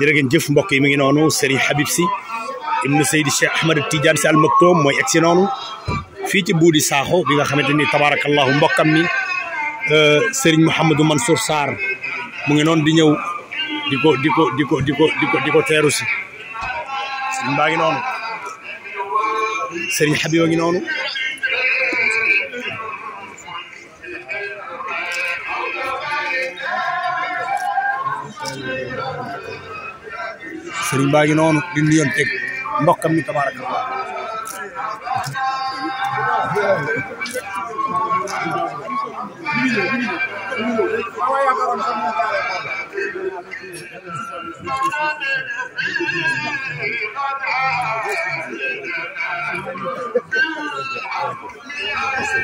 jërë ngeen jëf mbokk yi mi ngi noonu Serigne Habib Sy ibnu Seydi Cheikh Ahmed Tidiane Sy Al Maktoum mooy egsi noonu fii ci di Saaxo bi nga xamante ni tabaarakallahu mbokkam mi euh, Serigne Mouhamadou Mansour Sarr mu ngi noonu di ñëw di ko di ko di di ko di si Serigne baa ngi noonu Habib a noonu sëriñ baa ngi noonu di nuyoon teg mbokkam mi tabaaraka Allah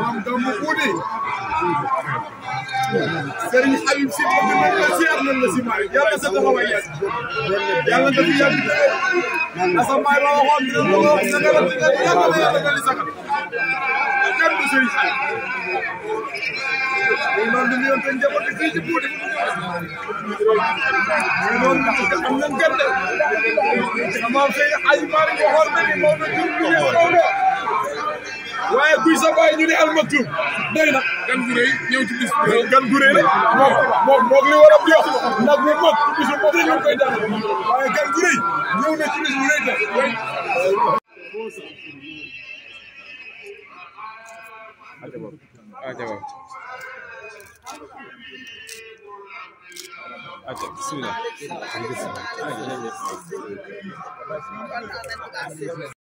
maam doomu Uudi Serigne Habib Sy bëgg nañ la ziar nañ la si mari yàlla sa taxawaay yàgg yàlla nga fi yàgg te asamaay ba waxoon dina ko wax sa nga la yàlla na yàlla nga li sagal kenn du Serigne Habib ñu doon di yoon te njaboot di fii ci Uudi ñu doon am nañ gerte sama fee ay mari waxoon na ni moom na jur bi ñëw sa baay ñu ne almaktum doy na. gan gu rëy ñëw ci bis. gan gu rëy la moom moom moom li war a jox ndax bu mag bisu mag la ñu koy daan waaye gan gu rëy ñëw na ci bis bu rëy aja bismillah